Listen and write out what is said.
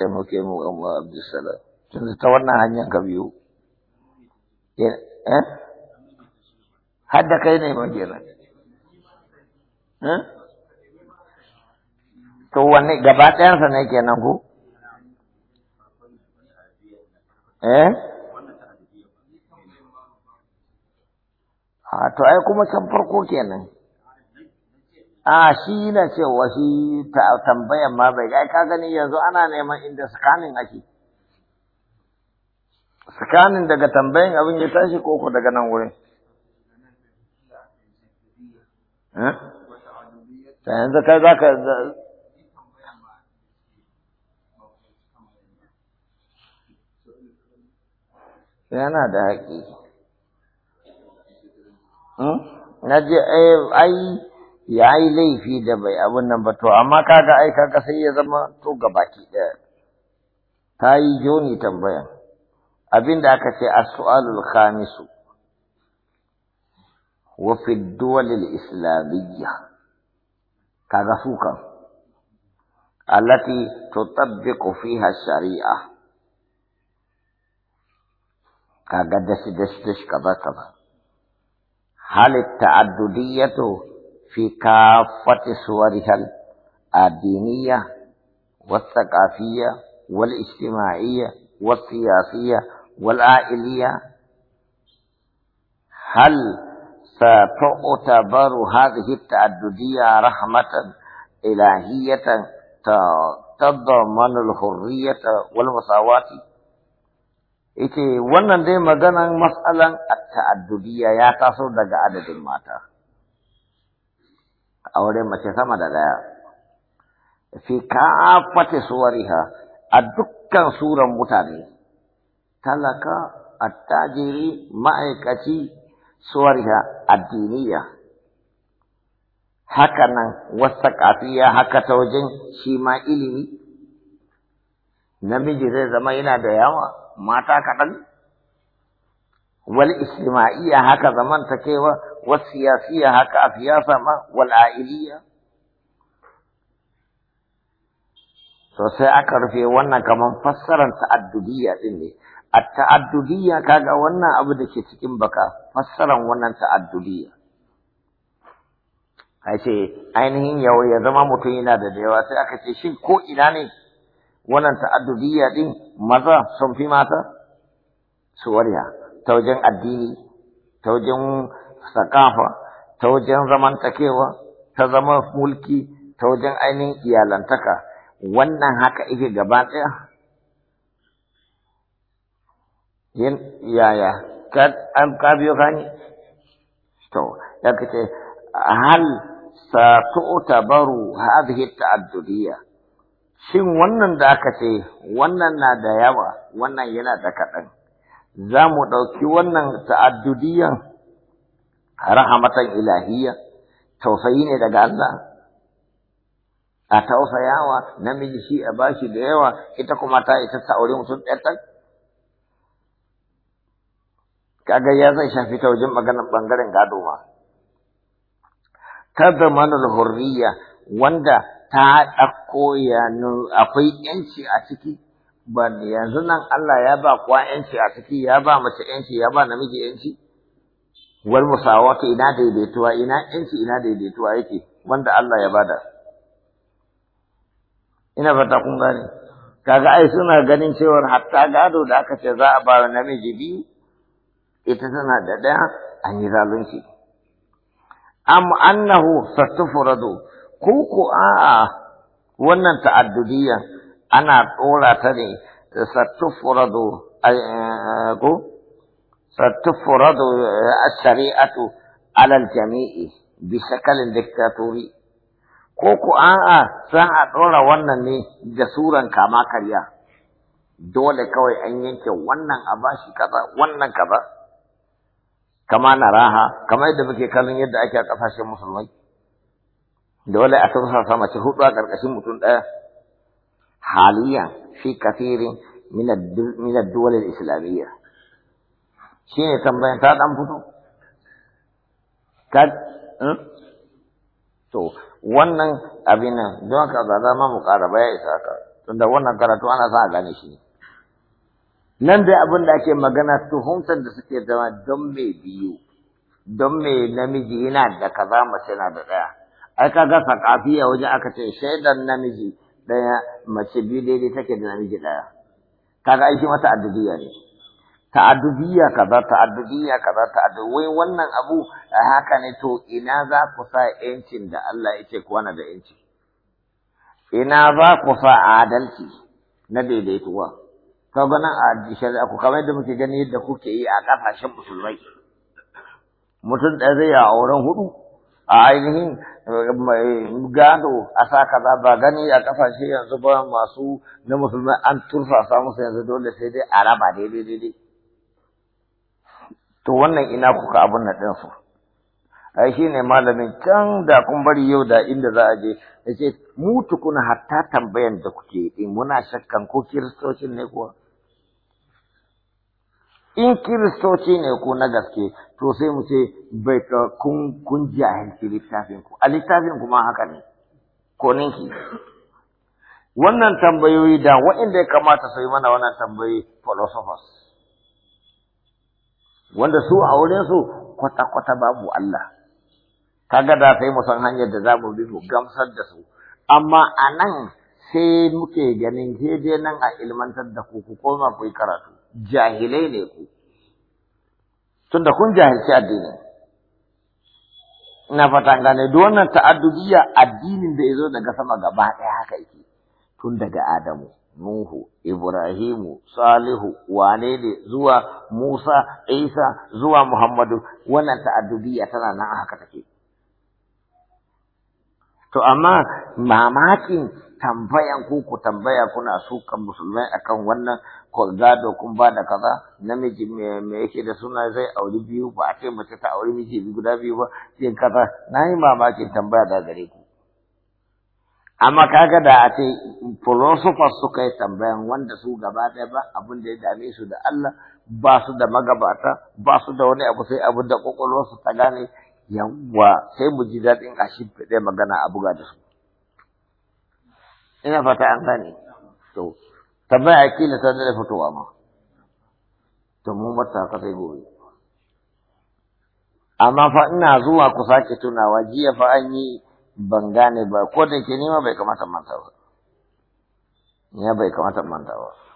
taimake mu Allah Abdulsalam tunda ta wannan hanyar ka biyu eh har da kai ne ma kenan eh to wanne gaba ɗayansa ne kenan ku, eh a ah, to ai kuma can farko kenan a shi na ce wa shi tambayar ma bai ai ka gani yanzu ana neman inda scanning ake scanning daga tambayan abin ya tashi koko daga nan wurin eh? ta yanzu kai za ka yana da haƙi hmm? na je eh, ai yayi laifi da bai abun nan ba to amma kaga ai kaga sai ya zama to gabaki ɗaya ta joni tambaya abinda aka ce as-su'alul khamis wa fi ad-duwal al-islamiyya kaga suka allati tutabbiqu fiha shari'a kaga dashi dashi kaba kaba kaza hal at-ta'addudiyyatu في كافة صورها الدينية والثقافية والاجتماعية والسياسية والعائلية هل ستعتبر هذه التعددية رحمة إلهية تضمن الحرية والمساواة إذا كانت dai maganan matsalan at-ta'addudiyya ya taso Aure mace sama da ɗaya fi kafati suwariha a dukkan suran mutane talaka attajiri ma'aikaci suwariha addiniya haka nan wasa kafiya haka ta wajen shi ma ilimi namiji zai zama yana da yawa mata kaɗan wal istima'iyya haka zamantakewa والسياسية هكا سياسة ما والعائلية سأكر في وانا كمان فسرا تعددية إني التعددية كاقا وانا أبدا شتكين بكا فسرا وانا تعددية a ce ainihin yawa ya zama mutum yana da yawa sai aka ce shin ko ina ne wannan ta'addudiyya din maza sun fi mata su warya ta wajen addini ta wajen sakafa ta wajen zamantakewa ta zama mulki ta wajen ainihin iyalantaka wannan haka ike gaba ɗaya yin yaya ka biyo gani to ya kace hal sa baro hadhihi ta'addudiyya shin wannan da aka ce wannan na da yawa wannan yana da kaɗan za mu ɗauki wannan ta'addudiyan rahamatan ilahiyya tausayi ne daga Allah a tausayawa namiji shi a bashi da yawa ita kuma ta ita ta aure mutum ɗaya kaga ya zai shafi ta wajen maganar ɓangaren gado ma ta zamanul hurriya wanda ta ɗauko akwai ‘yanci a ciki ba yanzu nan Allah ya ba kuwa ‘yanci a ciki ya ba mace ‘yanci ya ba namiji ‘yanci wal musawatu ina daidaituwa ina yanci ina daidaituwa yake wanda Allah ya bada ina fata kun gane kaga ai suna ganin cewar hatta gado da aka ce za a ba namiji biyu ita tana da ɗaya an yi zalunci am annahu Satufuradu ko ko a wannan ta'addudiyya ana ɗora ta ne Satufuradu eh, ko ستفرض الشريعة bisa الجميع بشكل Ko كوكو آآ a ɗora wannan ne da suran kama karya dole kawai an yanke wannan a bashi kaza wannan kaza kama na kama yadda muke kallon yadda ake a ƙasashen musulmai dole a tausasa mace hudu a ƙarƙashin mutum ɗaya Haliyya fi kafirin mina ad islamiyya shi ne tambayan ta dan fito ka eh? to wannan abin nan don ka za zama mu ƙara baya isa ka tunda wannan karatu ana sa a gane shi nan dai abin da ake magana tuhumtar da suke zama don mai biyu don mai namiji yana da kaza mace na da ɗaya ai ka sakafi a waje aka ce shaidan namiji ɗaya mace biyu daidai take da namiji ɗaya kaga aiki mata addadiya ne ta'addudiyya kaza ta'addudiyya kaza ta'addu wai wannan abu haka ne to ina za ku sa yancin da Allah yake kwana da yanci ina za ku sa adalci na daidaituwa ka ga nan a shari'a ku kamar yadda muke gani yadda kuke yi a kafashen musulmai mutum ɗaya zai a auren hudu a ainihin eh, gado a sa kaza ba gani a kafashe yanzu ba masu na musulmai an turfasa musu yanzu dole sai dai a raba daidai daidai to wannan ina kuka abin nan ɗinsu ai shi ne malamin can da kun bari yau da inda za a je ya ce mu tukuna hatta tambayan da kuke in muna shakkan ko kiristocin ne kuwa in kiristoci ne ko na gaske to sai mu ce bai ka kun kun jahilci littafin ku a littafin kuma haka ne ko ninki wannan tambayoyi da waɗanda ya kamata su yi mana wannan tambayi philosophers wanda su a wurinsu kwata-kwata babu Allah. Kaga da sai mu san hanyar da za mu bi mu gamsar da su, amma a nan sai muke ganin dai nan a ilmantar da ku ku koma ku yi karatu, jahilai ne ku, Tun da kun jahilci addini. Ina fata gane duk wannan ta'addubiya addinin da ya zo daga sama gaba ɗaya haka yake tun daga Adamu. Nuhu, Ibrahimu, Salihu, Wanene, zuwa Musa, Isa, zuwa Muhammadu, wannan ta'addubiya tana nan haka take. To amma mamakin tambayan ku ku tambaya kuna sukan musulmai akan wannan kwalgado kun ba da kaza namiji me yake da suna zai auri biyu ba a ce mace ta auri miji guda biyu ba sai kaza na yi mamakin tambaya da gare ku. amma kaga da a ce philosophers suka yi tambayan wanda su gaba ɗaya ba abin da ya dame su da Allah ba su da magabata ba su da wani abu sai abin da kwakwalwarsu ta gane yawwa sai mu ji daɗin a shimfiɗe magana a buga da su ina fata an gane to tambaya kila ta da fitowa ma to mu mata ka sai gobe amma fa ina zuwa ku sake tunawa jiya fa an yi ban gane ba ko da ke nema bai kamata manta ba ya bai kamata manta ba